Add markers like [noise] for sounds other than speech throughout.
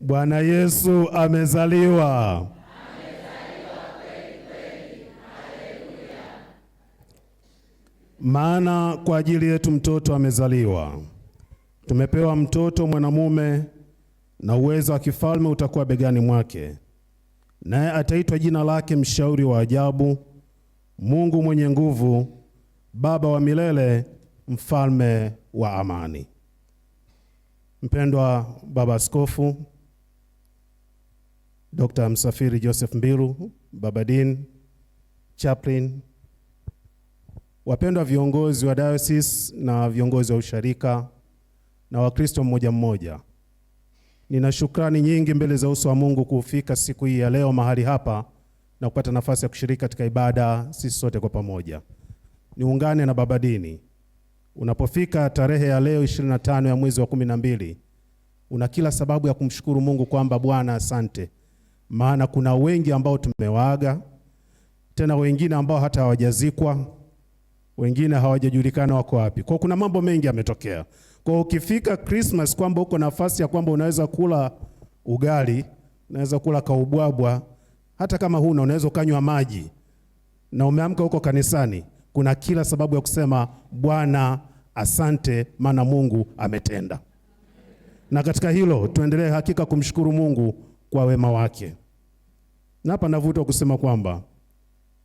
Bwana Yesu amezaliwa. Amezaliwa kweli kweli. Haleluya. Maana kwa ajili yetu mtoto amezaliwa. Tumepewa mtoto mwanamume na uwezo wa kifalme utakuwa begani mwake naye ataitwa jina lake mshauri wa ajabu, Mungu mwenye nguvu, Baba wa milele, mfalme wa amani. Mpendwa Baba Askofu Dr. Msafiri Joseph Mbiru, Babadin, Chaplain, wapendwa viongozi wa diocese na viongozi wa usharika na Wakristo mmoja mmoja Nina shukrani nyingi mbele za uso wa Mungu kufika siku hii ya leo mahali hapa na kupata nafasi ya kushiriki katika ibada sisi sote kwa pamoja. Niungane na baba dini, unapofika tarehe ya leo 25 ya mwezi wa 12, una kila sababu ya kumshukuru Mungu kwamba Bwana, asante, maana kuna wengi ambao tumewaaga, tena wengine ambao hata hawajazikwa, wengine hawajajulikana wako wapi. Kwa kuna mambo mengi yametokea kwa ukifika Christmas kwamba uko nafasi ya kwamba unaweza kula ugali, unaweza kula kaubwabwa, hata kama huna unaweza ukanywa maji na umeamka huko kanisani, kuna kila sababu ya kusema Bwana asante, maana Mungu ametenda. Na katika hilo tuendelee hakika kumshukuru Mungu kwa wema wake, na hapa navuta kusema kwamba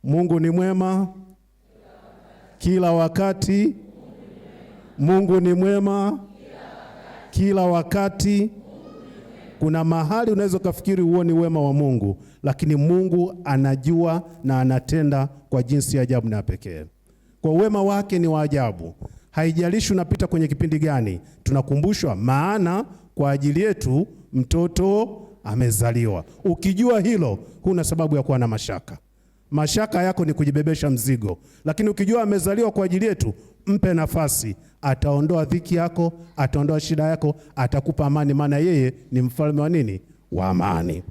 Mungu ni mwema kila wakati Mungu ni mwema kila wakati. Kuna mahali unaweza ukafikiri huoni wema wa Mungu, lakini Mungu anajua na anatenda kwa jinsi ya ajabu na pekee. Kwa wema wake ni wa ajabu. Haijalishi unapita kwenye kipindi gani, tunakumbushwa maana kwa ajili yetu mtoto amezaliwa. Ukijua hilo, huna sababu ya kuwa na mashaka. Mashaka yako ni kujibebesha mzigo, lakini ukijua amezaliwa kwa ajili yetu, mpe nafasi, ataondoa dhiki yako, ataondoa shida yako, atakupa amani, maana yeye ni mfalme wa nini? Wa amani.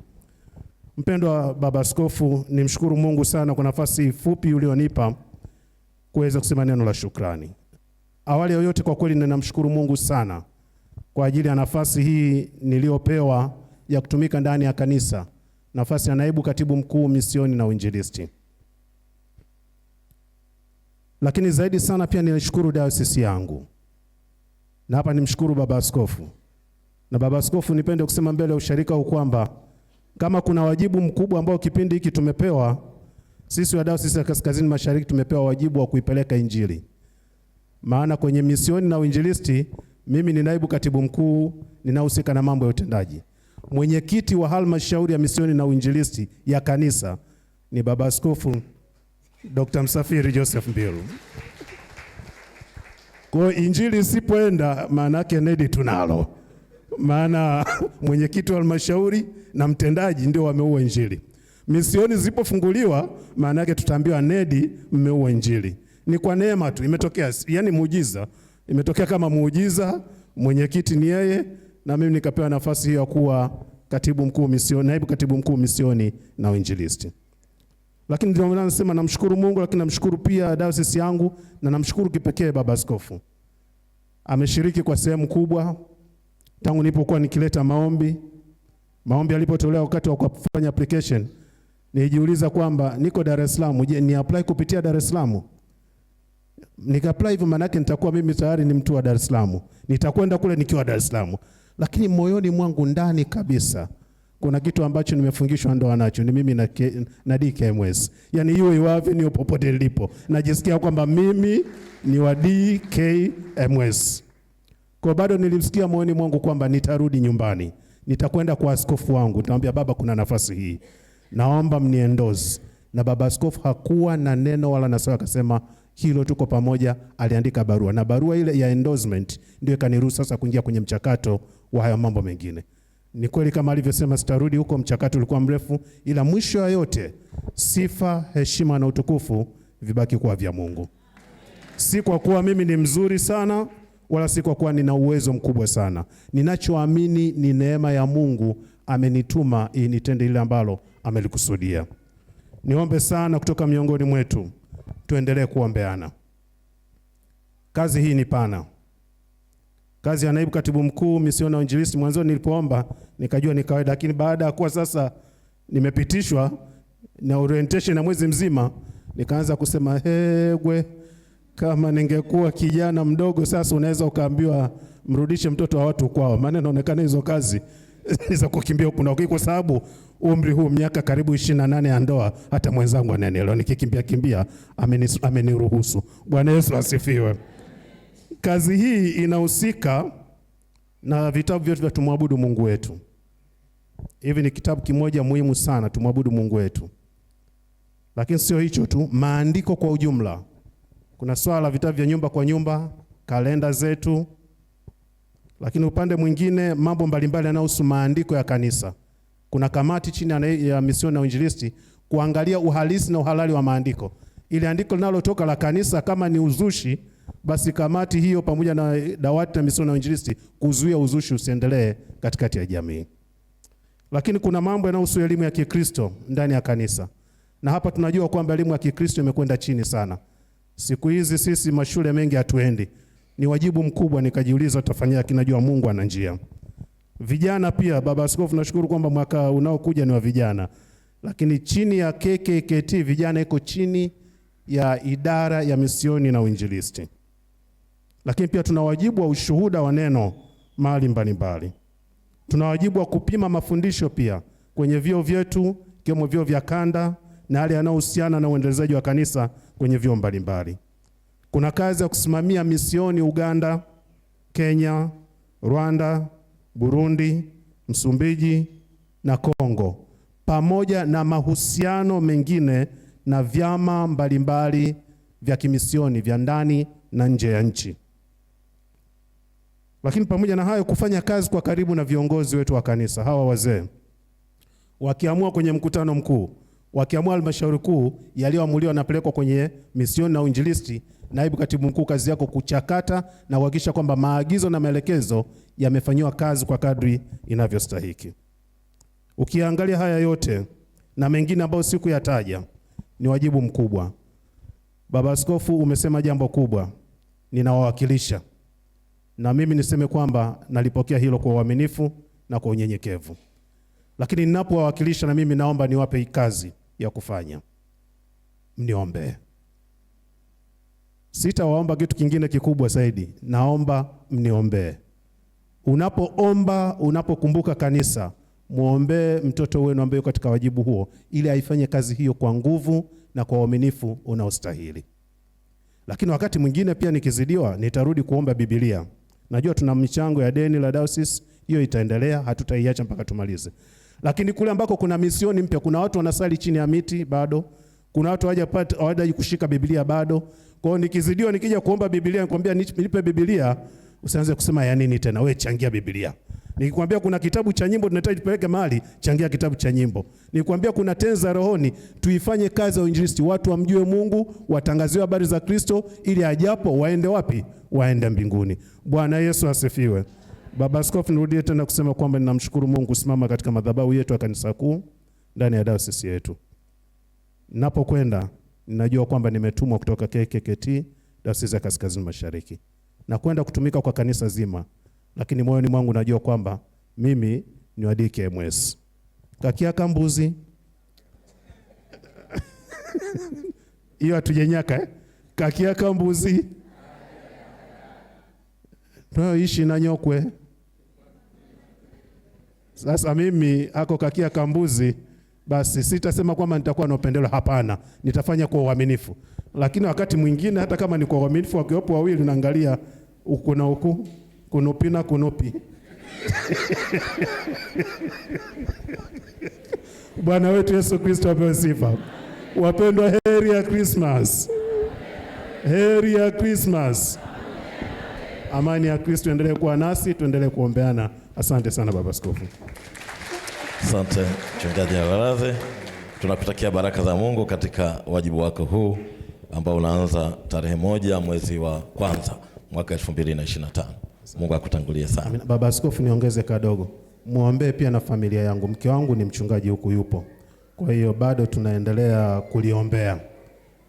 Mpendwa baba askofu, nimshukuru Mungu sana kwa nafasi fupi ulionipa kuweza kusema neno la shukrani. Awali ya yote, kwa kweli ninamshukuru Mungu sana kwa ajili ya nafasi hii niliyopewa ya kutumika ndani ya kanisa, nafasi ya naibu katibu mkuu misioni na uinjilisti. Lakini zaidi sana pia ninashukuru diocese yangu, na hapa nimshukuru baba askofu. Na baba askofu, nipende kusema mbele ya usharika huu kwamba kama kuna wajibu mkubwa ambao kipindi hiki tumepewa sisi wa Dayosisi ya Kaskazini Mashariki, tumepewa wajibu wa kuipeleka Injili, maana kwenye misioni na uinjilisti mimi ni naibu katibu mkuu ninahusika na mambo ya utendaji. Mwenyekiti wa halmashauri ya misioni na uinjilisti ya kanisa ni baba askofu Dr. Msafiri Joseph Mbiru. Kwa injili isipoenda, maana yake NEDI tunalo, maana [laughs] mwenyekiti wa halmashauri na mtendaji ndio wameua injili. Misioni zilipofunguliwa, maana yake tutaambiwa NEDI mmeua injili. Ni kwa neema tu imetokea, yani muujiza imetokea kama muujiza. Mwenyekiti ni yeye na mimi nikapewa nafasi hiyo ya kuwa katibu mkuu misioni, naibu katibu mkuu misioni na uinjilisti. Lakini ndio maana nasema namshukuru Mungu, lakini namshukuru pia diocese yangu na namshukuru kipekee baba askofu. Ameshiriki kwa sehemu kubwa tangu nilipokuwa nikileta maombi. Maombi yalipotolewa wakati wa kufanya application, nijiuliza kwamba niko Dar es Salaam, je, ni apply kupitia Dar es Salaam? Nika apply hivyo, maana yake nitakuwa mimi tayari ni mtu wa Dar es Salaam, nitakwenda kule nikiwa Dar es Salaam, lakini moyoni mwangu ndani kabisa kuna kitu ambacho nimefungishwa ndo anacho ni mimi na, ke, na DKMS. Yaani hiyo iwavi niyo popote nilipo najisikia kwamba mimi ni wa DKMS. Kwa bado nilimsikia moyoni mwangu kwamba nitarudi nyumbani, nitakwenda kwa askofu wangu, nitamwambia baba, kuna nafasi hii, naomba mniendozi. Na baba askofu hakuwa na neno wala na sawa, akasema hilo tuko pamoja. Aliandika barua na barua ile ya endorsement ndio ikaniruhusu sasa kuingia kwenye mchakato wa haya mambo mengine. Ni kweli kama alivyosema, sitarudi huko, mchakato ulikuwa mrefu, ila mwisho wa yote sifa, heshima na utukufu vibaki kuwa vya Mungu, si kwa kuwa mimi ni mzuri sana wala si kwa kuwa nina uwezo mkubwa sana. Ninachoamini ni neema ya Mungu, amenituma ili nitende lile ambalo amelikusudia. Niombe sana kutoka miongoni mwetu, tuendelee kuombeana. Kazi hii ni pana. Kazi ya naibu katibu mkuu misioni na uinjilisti, nilipoomba nikajua ni kawaida, lakini baada ya kuwa sasa nimepitishwa na orientation ya mwezi mzima, nikaanza kusema hegwe, kama ningekuwa kijana mdogo sasa. Unaweza ukaambiwa mrudishe mtoto wa watu kwao, maana inaonekana hizo kazi [laughs] za kukimbia huku na huko, kwa sababu umri huu miaka karibu 28 na nane ya ndoa, hata mwenzangu ananielewa nikikimbia kimbia, ameniruhusu. Bwana Yesu asifiwe. Kazi hii inahusika na vitabu vyetu vya tumwabudu Mungu wetu. Hivi ni kitabu kimoja muhimu sana, tumwabudu Mungu wetu. Lakini sio hicho tu, maandiko kwa ujumla. Kuna swala la vitabu vya nyumba kwa nyumba, kalenda zetu, lakini upande mwingine mambo mbalimbali yanayohusu maandiko ya kanisa. Kuna kamati chini ya misioni na uinjilisti kuangalia uhalisi na uhalali wa maandiko, ili andiko linalotoka la kanisa kama ni uzushi basi kamati hiyo pamoja na dawati na misioni na uinjilisti kuzuia uzushi usiendelee katikati ya jamii. Lakini kuna mambo yanayohusu elimu ya Kikristo ndani ya kanisa, na hapa tunajua kwamba elimu ya Kikristo imekwenda chini sana. Siku hizi sisi mashule mengi hatuendi. Ni wajibu mkubwa, nikajiuliza tutafanyia kinajua, Mungu ana njia. Vijana pia, baba askofu, nashukuru kwamba mwaka unaokuja ni wa vijana, lakini chini ya KKKT vijana iko chini ya idara ya misioni na uinjilisti lakini pia tuna wajibu wa ushuhuda wa neno mahali mbalimbali. Tuna wajibu wa kupima mafundisho pia kwenye vyuo vyetu, ikiwemo vyuo vya kanda na yale yanayohusiana na uendelezaji wa kanisa kwenye vyuo mbalimbali. Kuna kazi ya kusimamia misioni Uganda, Kenya, Rwanda, Burundi, Msumbiji na Kongo, pamoja na mahusiano mengine na vyama mbalimbali vya kimisioni vya ndani na nje ya nchi. Lakini pamoja na hayo, kufanya kazi kwa karibu na viongozi wetu wa kanisa, hawa wazee wakiamua kwenye mkutano mkuu, wakiamua halmashauri kuu, yaliyoamuliwa yanapelekwa kwenye misioni na uinjilisti. Naibu katibu mkuu, kazi yako kuchakata na kuhakikisha kwamba maagizo na maelekezo yamefanyiwa kazi kwa kadri inavyostahiki. Ukiangalia haya yote na mengine ambayo sikuyataja, ni wajibu mkubwa. Baba Askofu, umesema jambo kubwa, ninawawakilisha na mimi niseme kwamba nalipokea hilo kwa uaminifu na kwa unyenyekevu, lakini ninapowawakilisha na mimi naomba niwape kazi ya kufanya, mniombe. Sitawaomba kitu kingine kikubwa zaidi, naomba mniombe. Unapoomba, unapokumbuka kanisa, mwombee mtoto wenu ambaye yuko katika wajibu huo, ili aifanye kazi hiyo kwa nguvu na kwa uaminifu unaostahili. Lakini wakati mwingine pia nikizidiwa, nitarudi kuomba Biblia. Najua tuna michango ya deni la diocese, hiyo itaendelea, hatutaiacha mpaka tumalize. Lakini kule ambako kuna misioni mpya, kuna watu wanasali chini ya miti bado, kuna watu hawajapata hawajaji kushika Biblia bado. Kwa hiyo nikizidiwa, nikija kuomba Biblia nikwambia, nipe Biblia, usianze kusema ya nini tena, wewe changia Biblia. Nikikwambia kuna kitabu cha nyimbo tunahitaji tupeleke mahali, changia kitabu cha nyimbo. Nikikwambia kuna tenza rohoni, tuifanye kazi ya uinjilisti, watu wamjue Mungu, watangaziwe habari za Kristo, ili ajapo waende wapi? Waende mbinguni. Bwana Yesu asifiwe. Baba Askofu, nirudie tena kusema kwamba ninamshukuru Mungu kusimama katika madhabahu yetu ya kanisa kuu ndani ya dayosisi yetu. Ninapokwenda ninajua kwamba nimetumwa kutoka KKKT dayosisi ya Kaskazini Mashariki na kwenda kutumika kwa kanisa zima lakini moyoni mwangu najua kwamba mimi ni wa DKMS. Kakia kambuzi [laughs] hiyo hatujenyaka eh? Kakia kambuzi tunayoishi na Nyokwe. Sasa mimi ako kakia kambuzi basi sitasema kwamba nitakuwa na upendeleo, hapana, nitafanya kwa uaminifu. Lakini wakati mwingine hata kama ni kwa uaminifu, wakiwepo wawili, naangalia huku na huku kunupi na kunupi. Bwana wetu Yesu Kristo apewe sifa. Wapendwa, heri ya Krismas, heri ya Krismas. Amani ya Kristo endelee kuwa nasi, tuendelee kuombeana. Asante sana Baba Askofu. Asante Mchungaji Nyabarase, tunakutakia baraka za Mungu katika wajibu wako huu ambao unaanza tarehe moja mwezi wa kwanza mwaka 2025. Mungu akutangulie sana. Amina. Baba Askofu, niongeze kadogo, muombee pia na familia yangu. Mke wangu ni mchungaji huku yupo, kwa hiyo bado tunaendelea kuliombea,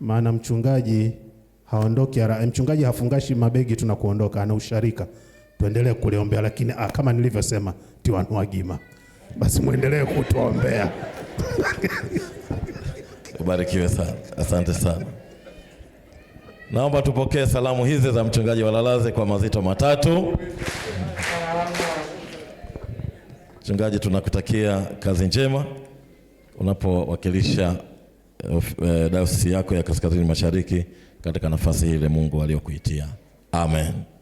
maana mchungaji haondoki, mchungaji hafungashi mabegi, tunakuondoka anausharika. Tuendelee kuliombea, lakini ah, kama nilivyosema tiwanuagima, basi muendelee kutuombea. Ubarikiwe sana, asante sana. Naomba tupokee salamu hizi za mchungaji Walalaze kwa mazito matatu. Mchungaji, tunakutakia kazi njema unapowakilisha eh, eh, dayosisi yako ya Kaskazini Mashariki katika nafasi ile Mungu aliyokuitia. Amen.